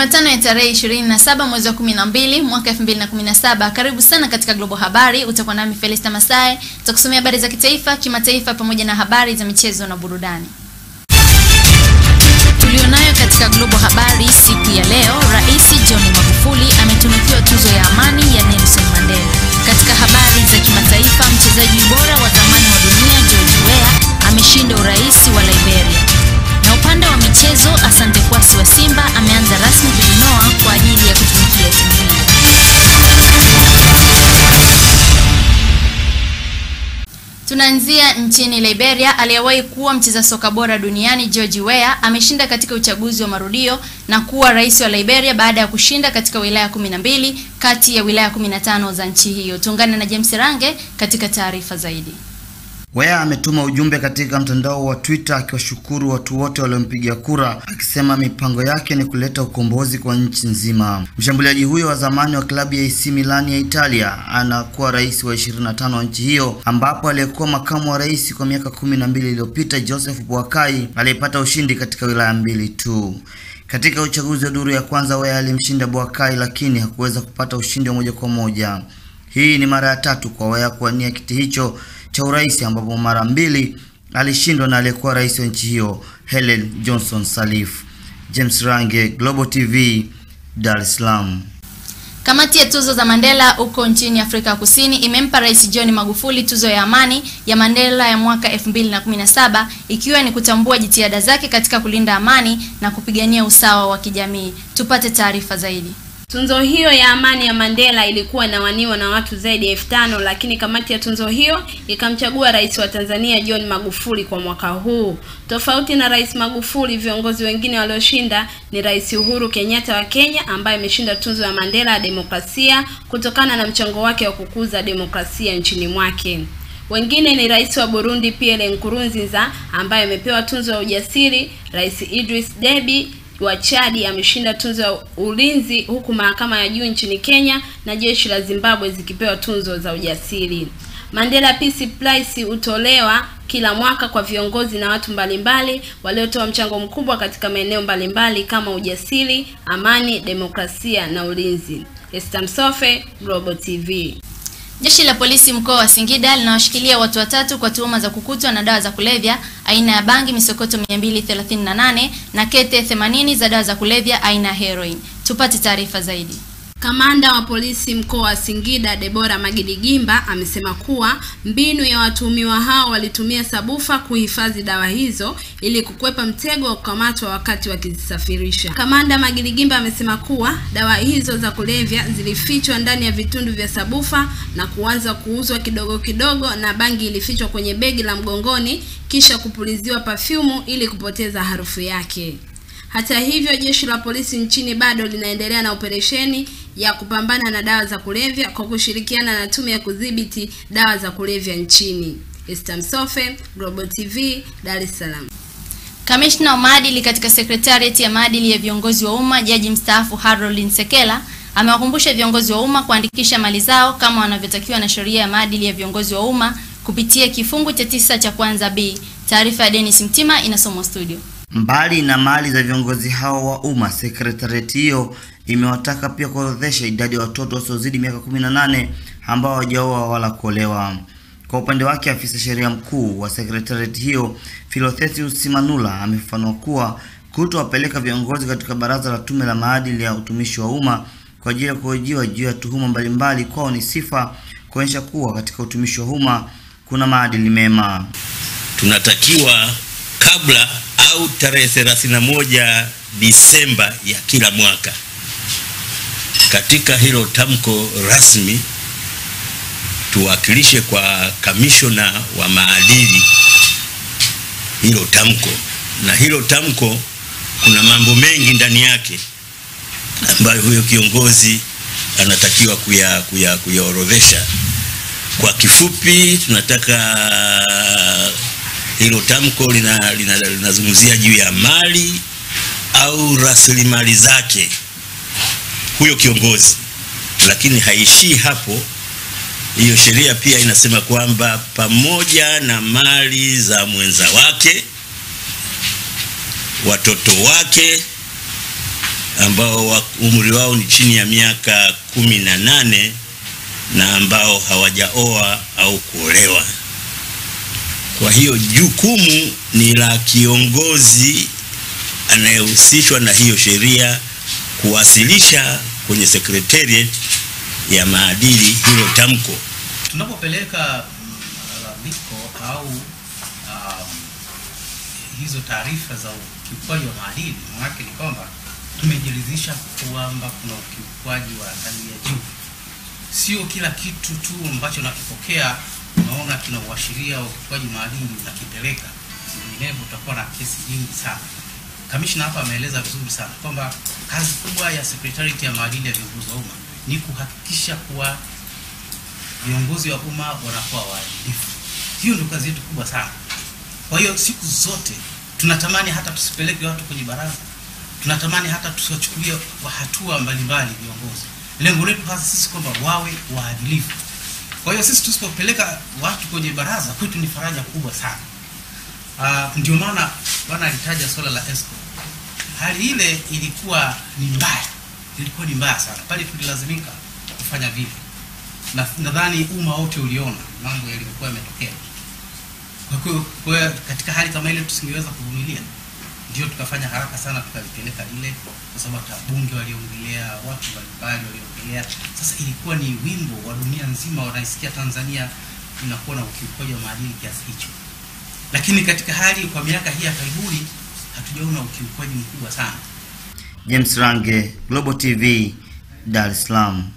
Jumatano ya tarehe 27 mwezi wa 12 mwaka 2017. Karibu sana katika Global Habari, utakuwa nami Felista Masai, tutakusomea habari za kitaifa, kimataifa pamoja na habari za michezo na burudani tulionayo katika Global Habari. Tukianzia nchini Liberia, aliyewahi kuwa mcheza soka bora duniani George Weah ameshinda katika uchaguzi wa marudio na kuwa rais wa Liberia baada ya kushinda katika wilaya 12 kati ya wilaya 15 za nchi hiyo. Tuungane na James Range katika taarifa zaidi. Weah ametuma ujumbe katika mtandao wa Twitter akiwashukuru watu wote waliompigia kura, akisema mipango yake ni kuleta ukombozi kwa nchi nzima. Mshambuliaji huyo wa zamani wa klabu ya AC Milan ya Italia anakuwa rais wa 25 wa nchi hiyo, ambapo aliyekuwa makamu wa rais kwa miaka kumi na mbili iliyopita Joseph Boakai aliyepata ushindi katika wilaya mbili tu. Katika uchaguzi wa duru ya kwanza, Weah alimshinda Boakai lakini hakuweza kupata ushindi wa moja kwa moja. Hii ni mara ya tatu kwa Weah kuwania kiti hicho cha urais ambapo mara mbili alishindwa na aliyekuwa rais wa nchi hiyo Helen Johnson Sirleaf. James Range, Global TV, Dar es Salaam. Kamati ya tuzo za Mandela huko nchini Afrika Kusini imempa Rais John Magufuli tuzo ya amani ya Mandela ya mwaka 2017 ikiwa ni kutambua jitihada zake katika kulinda amani na kupigania usawa wa kijamii. Tupate taarifa zaidi. Tunzo hiyo ya amani ya Mandela ilikuwa inawaniwa na watu zaidi ya elfu tano lakini kamati ya tunzo hiyo ikamchagua rais wa Tanzania John Magufuli kwa mwaka huu. Tofauti na rais Magufuli, viongozi wengine walioshinda ni Rais Uhuru Kenyatta wa Kenya ambaye ameshinda tunzo ya Mandela ya demokrasia kutokana na mchango wake wa kukuza demokrasia nchini mwake. Wengine ni rais wa Burundi Pierre Nkurunziza ambaye amepewa tunzo ya ujasiri, Rais Idris Deby wa Chadi ameshinda tunzo ya ulinzi huku mahakama ya juu nchini Kenya na jeshi la Zimbabwe zikipewa tunzo za ujasiri. Mandela Peace Prize hutolewa kila mwaka kwa viongozi na watu mbalimbali waliotoa mchango mkubwa katika maeneo mbalimbali kama ujasiri, amani, demokrasia na ulinzi. Esther Msofe, Global TV. Jeshi la polisi mkoa wa Singida linawashikilia watu watatu kwa tuhuma za kukutwa na dawa za kulevya aina ya bangi misokoto 238 na kete 80 za dawa za kulevya aina ya heroin. Tupate taarifa zaidi. Kamanda wa polisi mkoa wa Singida Debora Magidigimba amesema kuwa mbinu ya watuhumiwa hao walitumia sabufa kuhifadhi dawa hizo ili kukwepa mtego wa kukamatwa wakati wakizisafirisha. Kamanda Magidigimba amesema kuwa dawa hizo za kulevya zilifichwa ndani ya vitundu vya sabufa na kuanza kuuzwa kidogo kidogo, na bangi ilifichwa kwenye begi la mgongoni kisha kupuliziwa pafyumu ili kupoteza harufu yake. Hata hivyo, jeshi la polisi nchini bado linaendelea na operesheni ya kupambana na dawa za kulevya kwa kushirikiana na tume ya kudhibiti dawa za kulevya nchini. Esther Msofe, Global TV, Dar es Salaam. Kamishna wa maadili katika sekretarieti ya maadili ya viongozi wa umma Jaji mstaafu Harold Nsekela amewakumbusha viongozi wa umma kuandikisha mali zao kama wanavyotakiwa na sheria ya maadili ya viongozi wa umma kupitia kifungu cha tisa cha kwanza B. Taarifa ya Dennis Mtima inasomwa studio. Mbali na mali za viongozi hao wa umma, sekretarieti hiyo imewataka pia kuorodhesha idadi ya watoto wasiozidi miaka 18 ambao hawajaoa wala kuolewa. Kwa upande wake, afisa sheria mkuu wa sekretarieti hiyo Philothethius Simanula amefafanua kuwa kutowapeleka viongozi katika baraza la tume la maadili ya utumishi wa umma kwa ajili ya kuhojiwa juu ya tuhuma mbalimbali kwao ni sifa kuonyesha kuwa katika utumishi wa umma kuna maadili mema. Tunatakiwa kabla au tarehe 31 Disemba ya kila mwaka. Katika hilo tamko rasmi, tuwakilishe kwa kamishona wa maadili hilo tamko, na hilo tamko kuna mambo mengi ndani yake ambayo huyo kiongozi anatakiwa kuyaorodhesha kuya, kuya. Kwa kifupi tunataka hilo tamko linazungumzia lina, lina juu ya mali au rasilimali zake huyo kiongozi, lakini haishii hapo. Hiyo sheria pia inasema kwamba pamoja na mali za mwenza wake, watoto wake ambao umri wao ni chini ya miaka kumi na nane na ambao hawajaoa au kuolewa. Kwa hiyo jukumu ni la kiongozi anayehusishwa na hiyo sheria kuwasilisha kwenye secretariat ya maadili hilo tamko. Tunapopeleka malalamiko uh, au um, hizo taarifa za ukiukwaji wa maadili, maanake ni kwamba tumejiridhisha kwamba kuna ukiukwaji wa hali ya juu. Sio kila kitu tu ambacho nakipokea tunaona kina uashiria wa ukiukaji maadili nakipeleka, tutakuwa na kesi nyingi sana. Kamishna hapa ameeleza vizuri sana kwamba kazi kubwa ya Sekretarieti ya maadili ya viongozi wa umma ni kuhakikisha kuwa viongozi wa umma wanakuwa waadilifu. Hiyo ndio kazi yetu kubwa sana. Kwa hiyo siku zote tunatamani hata tusipeleke watu kwenye baraza, tunatamani hata tusiwachukulie hatua mbalimbali viongozi. Lengo letu hasa sisi kwamba wawe waadilifu. Kwa hiyo sisi tusipopeleka watu kwenye baraza kwetu ni faraja kubwa sana. Uh, ndio maana bwana alitaja swala la esco. Hali ile ilikuwa ni mbaya, ilikuwa ni mbaya sana pale, tulilazimika kufanya vile, na nadhani umma wote uliona mambo yalivyokuwa yametokea. Kwa hiyo katika hali kama ile tusingeweza kuvumilia ndio tukafanya haraka sana tukalipeleka ile, kwa sababu hata bunge waliongelea, watu mbalimbali waliongelea. Sasa ilikuwa ni wimbo wa dunia nzima, wanaisikia Tanzania inakuwa na ukiukaji wa maadili kiasi hicho, lakini katika hali kwa miaka hii ya karibuni hatujaona ukiukwaji mkubwa sana. James Range, Global TV, Dar es Salaam.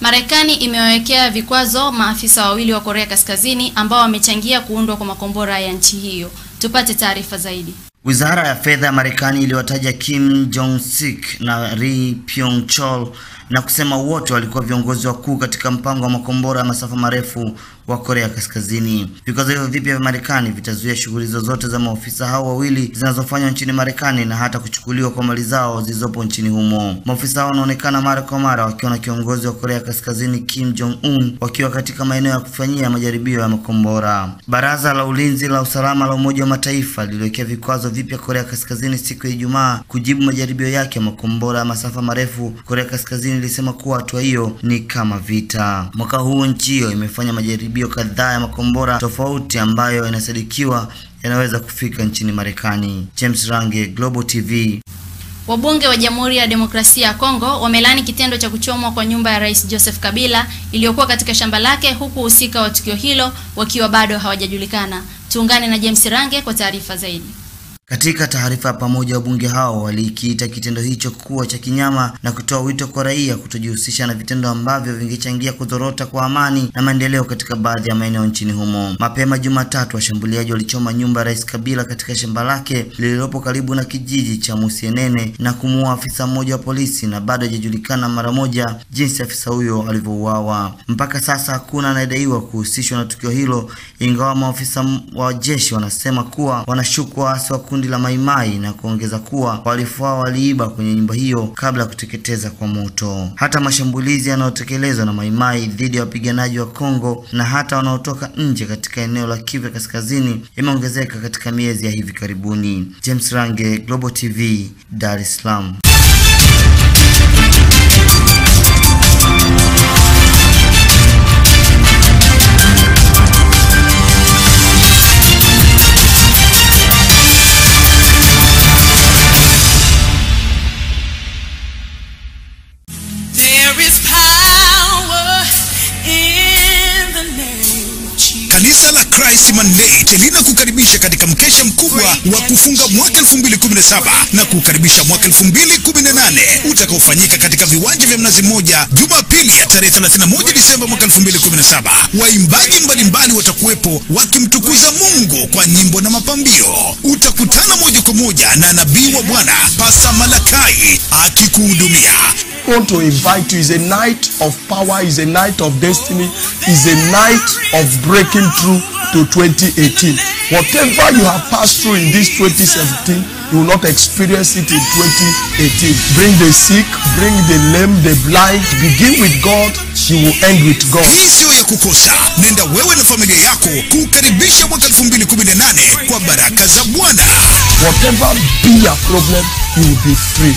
Marekani imewawekea vikwazo maafisa wawili wa Korea Kaskazini ambao wamechangia kuundwa kwa makombora ya nchi hiyo. Tupate taarifa zaidi. Wizara ya fedha ya Marekani iliwataja Kim Jong Sik na Ri Pyong Chol na kusema wote walikuwa viongozi wakuu katika mpango wa makombora ya masafa marefu wa Korea Kaskazini. Vikwazo hivyo vipya vya Marekani vitazuia shughuli zozote za maofisa hao wawili zinazofanywa nchini Marekani na hata kuchukuliwa kwa mali zao zilizopo nchini humo. Maofisa hao wanaonekana mara kwa mara wakiwa na kiongozi wa Korea Kaskazini Kim Jong Un wakiwa katika maeneo ya kufanyia majaribio ya makombora. Baraza la Ulinzi la Usalama la Umoja wa Mataifa liliwekea vikwazo vipya Korea Kaskazini siku ya Ijumaa kujibu majaribio yake ya makombora ya masafa marefu Korea Kaskazini lilisema kuwa hatua hiyo ni kama vita. Mwaka huu nchi hiyo imefanya majaribio kadhaa ya makombora tofauti ambayo yanasadikiwa yanaweza kufika nchini Marekani. James Range, Global TV. Wabunge wa Jamhuri ya Demokrasia ya Kongo wamelaani kitendo cha kuchomwa kwa nyumba ya Rais Joseph Kabila iliyokuwa katika shamba lake huku wahusika wa tukio hilo wakiwa bado hawajajulikana. Tuungane na James Range kwa taarifa zaidi. Katika taarifa ya pamoja, wabunge hao walikiita kitendo hicho kuwa cha kinyama na kutoa wito kwa raia kutojihusisha na vitendo ambavyo vingechangia kudhorota kwa amani na maendeleo katika baadhi ya maeneo nchini humo. Mapema Jumatatu, washambuliaji walichoma nyumba ya Rais Kabila katika shamba lake lililopo karibu na kijiji cha Musienene na kumuua afisa mmoja wa polisi, na bado hajajulikana mara moja jinsi afisa huyo alivyouawa. Mpaka sasa hakuna anayedaiwa kuhusishwa na tukio hilo, ingawa maafisa wa jeshi wanasema kuwa wanashukwa waasi wa kundi la Maimai na kuongeza kuwa wahalifu hao waliiba kwenye nyumba hiyo kabla ya kuteketeza kwa moto. Hata mashambulizi yanayotekelezwa na Maimai dhidi ya wapiganaji wa Kongo na hata wanaotoka nje katika eneo la Kivu Kaskazini yameongezeka katika miezi ya hivi karibuni. James Range, Global TV, Dar es Salaam. Kimanley kukaribisha katika mkesha mkubwa wa kufunga mwaka 2017 na kukaribisha mwaka 2018 utakaofanyika katika viwanja vya Mnazi Mmoja Jumapili tarehe 31 Disemba mwaka 2017. Waimbaji mbalimbali watakuwepo wakimtukuza Mungu kwa nyimbo na mapambio. Utakutana moja kwa moja na nabii wa Bwana Pasa Malakai akikuhudumia. want to invite you. Is a night of power, Is a night of destiny, Is a night of breaking through to 2018. Whatever you have passed through in this 2017, you will not experience it in 2018. Bring the sick, bring the lame, the blind. Begin with God, you will end with God. ya kukosa. Nenda wewe na familia yako kukaribisha mwaka 2018 kwa baraka za Bwana. Whatever be your problem, you will be free.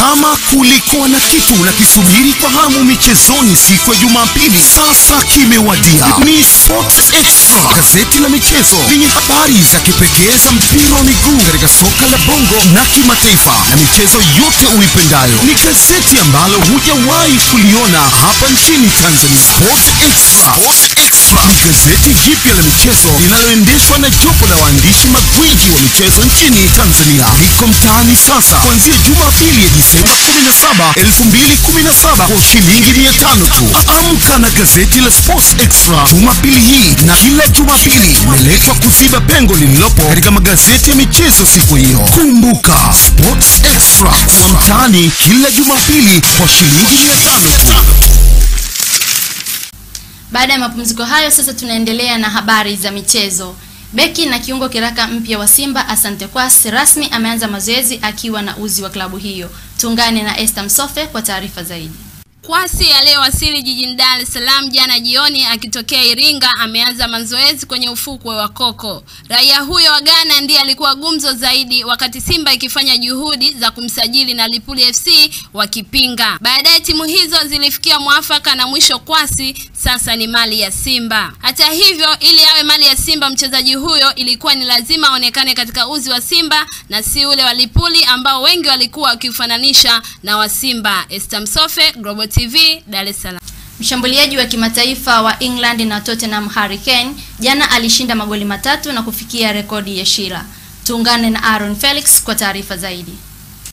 Kama kulikuwa na kitu unakisubiri kwa hamu michezoni siku ya Jumapili, sasa kimewadia. Ni Sports Extra, gazeti la michezo lenye habari za kipekee za mpira wa miguu katika soka la bongo na kimataifa na michezo yote uipendayo. Ni gazeti ambalo hujawahi kuliona hapa nchini Tanzania. Sports Extra, Sports Extra, ni gazeti jipya la michezo linaloendeshwa na waandishi magwiji wa michezo nchini Tanzania liko mtaani sasa, kuanzia Jumapili ya Disemba 17, 2017 kwa shilingi 500 tu. Amka na gazeti la Sports Extra Jumapili hii na kila Jumapili, tumeletwa kuziba pengo lililopo katika magazeti ya michezo siku hiyo. Kumbuka Sports Extra kwa mtaani kila Jumapili kwa shilingi 500 tu. Baada ya mapumziko hayo, sasa tunaendelea na habari za michezo. Beki na kiungo kiraka mpya wa Simba Asante Kwasi rasmi ameanza mazoezi akiwa na uzi wa klabu hiyo. Tuungane na Esther Msofe kwa taarifa zaidi. Mkwasi aliyewasili jijini Dar es Salaam jana jioni akitokea Iringa ameanza mazoezi kwenye ufukwe wa Koko. Raia huyo wa Ghana ndiye alikuwa gumzo zaidi wakati Simba ikifanya juhudi za kumsajili na Lipuli FC wakipinga. Baadaye timu hizo zilifikia mwafaka na mwisho Kwasi sasa ni mali ya Simba. Hata hivyo, ili awe mali ya Simba mchezaji huyo ilikuwa ni lazima aonekane katika uzi wa Simba na si ule wa Lipuli ambao wengi walikuwa wakifananisha na wa Simba. Esther Msofe, Global TV, Dar es Salaam. Mshambuliaji wa kimataifa wa England na Tottenham Harry Kane jana alishinda magoli matatu na kufikia rekodi ya Shira. Tuungane na Aaron Felix kwa taarifa zaidi.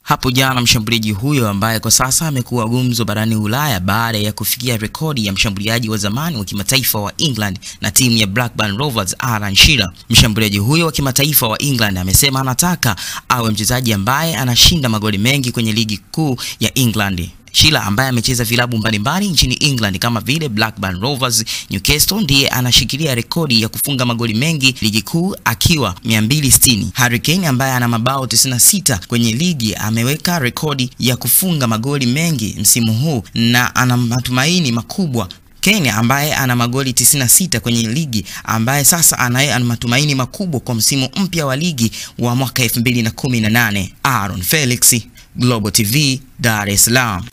Hapo jana mshambuliaji huyo ambaye kwa sasa amekuwa gumzo barani Ulaya baada ya kufikia rekodi ya mshambuliaji wa zamani wa kimataifa wa England na timu ya Blackburn Rovers Alan Shearer. Mshambuliaji huyo wa kimataifa wa England amesema anataka awe mchezaji ambaye anashinda magoli mengi kwenye ligi kuu ya England. Shila ambaye amecheza vilabu mbalimbali nchini England kama vile Blackburn Rovers, Newcastle, ndiye anashikilia rekodi ya kufunga magoli mengi ligi kuu akiwa 260. Harry Kane ambaye ana mabao 96 kwenye ligi ameweka rekodi ya kufunga magoli mengi msimu huu na ana matumaini makubwa Kane ambaye ana magoli 96 kwenye ligi ambaye sasa anaye ana matumaini makubwa kwa msimu mpya wa ligi wa mwaka 2018. Aaron Felix Global TV, Dar es Salaam.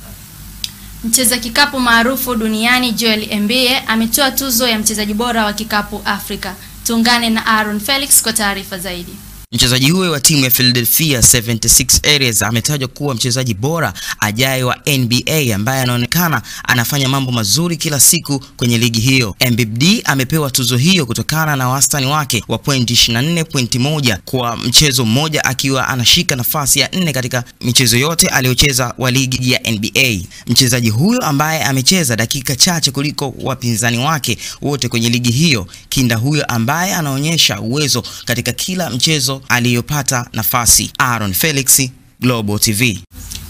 Mcheza kikapu maarufu duniani Joel Embiid ametoa tuzo ya mchezaji bora wa kikapu Afrika. Tuungane na Aaron Felix kwa taarifa zaidi. Mchezaji huyo wa timu ya Philadelphia 76ers ametajwa kuwa mchezaji bora ajaye wa NBA ambaye anaonekana anafanya mambo mazuri kila siku kwenye ligi hiyo. MBD amepewa tuzo hiyo kutokana na wastani wake wa pointi 241 pointi moja kwa mchezo mmoja, akiwa anashika nafasi ya nne katika michezo yote aliyocheza wa ligi ya NBA. Mchezaji huyo ambaye amecheza dakika chache kuliko wapinzani wake wote kwenye ligi hiyo, kinda huyo ambaye anaonyesha uwezo katika kila mchezo aliyopata nafasi. Aaron Felix, Global TV.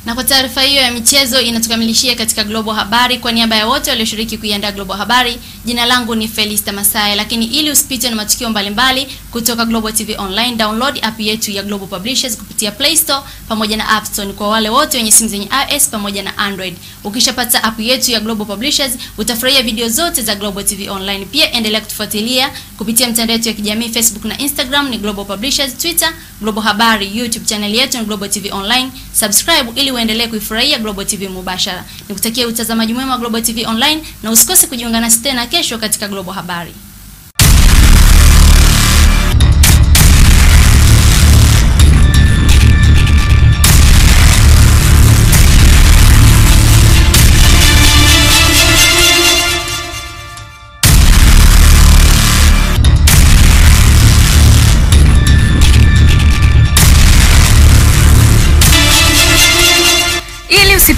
Na kwa taarifa hiyo ya michezo inatukamilishia katika Global Habari. Kwa niaba ya wote walioshiriki kuiandaa Global Habari, jina langu ni Felista Masai. Lakini ili usipite na matukio mbalimbali kutoka Global TV Online, download app yetu ya Global Publishers kupitia Play Store pamoja na App Store kwa wale wote wenye simu zenye iOS pamoja na Android. Ukishapata app yetu ya Global Publishers, utafurahia video zote za Global TV Online. Pia endelea kutufuatilia kupitia mtandao wetu wa kijamii Facebook na Instagram ni Global Publishers, Twitter Global Habari, YouTube channel yetu ni Global TV Online. Subscribe ili uendelee kuifurahia Global TV mubashara. Nikutakia utazamaji mwema wa Global TV online na usikose kujiunga nasi tena kesho katika Global Habari.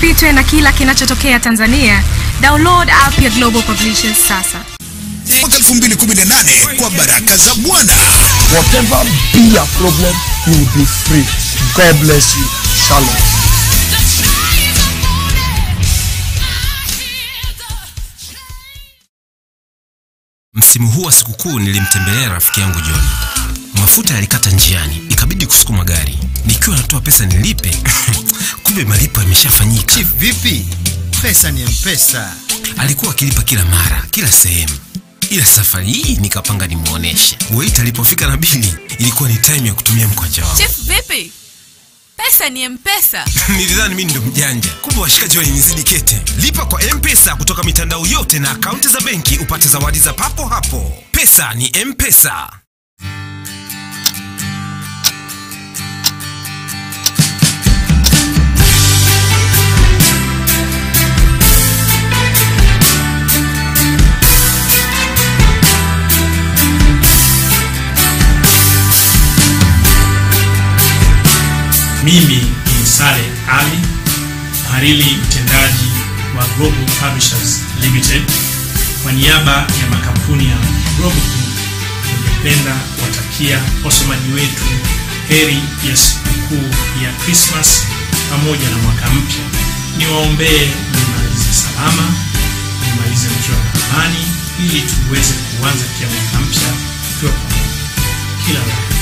usipitwe na kila kinachotokea Tanzania. Download app ya Global Publishers sasa. Mwaka 2018 kwa baraka za Bwana. Whatever be a problem, you will be free. God bless you. Shalom. Msimu huu wa sikukuu nilimtembelea rafiki yangu John. Mafuta yalikata njiani, ikabidi kusukuma gari nikiwa natoa pesa nilipe, kumbe malipo yameshafanyika. Chief, vipi? Pesa ni mpesa. Alikuwa akilipa kila mara, kila sehemu ila safari hii nikapanga nimuoneshe. Wait alipofika na bili, ilikuwa ni time ya kutumia mkwanja wao. Chief vipi? Pesa ni mpesa. Nilidhani mimi ndo mjanja, kumbe washikaji walinizidi kete. Lipa kwa mpesa kutoka mitandao yote na akaunti za benki, upate zawadi za papo hapo. Pesa ni mpesa. Mimi ni Sale Ali, mhariri mtendaji wa Global Publishers Limited. Kwa niaba ya makampuni ya Global Group, ningependa kuwatakia wasomaji wetu heri ya sikukuu ya Krismas pamoja na mwaka mpya. Niwaombee nimalize salama, nimalize mkiwa na amani, ili tuweze kuanza pia mwaka mpya tukiwa pamoja. Kila la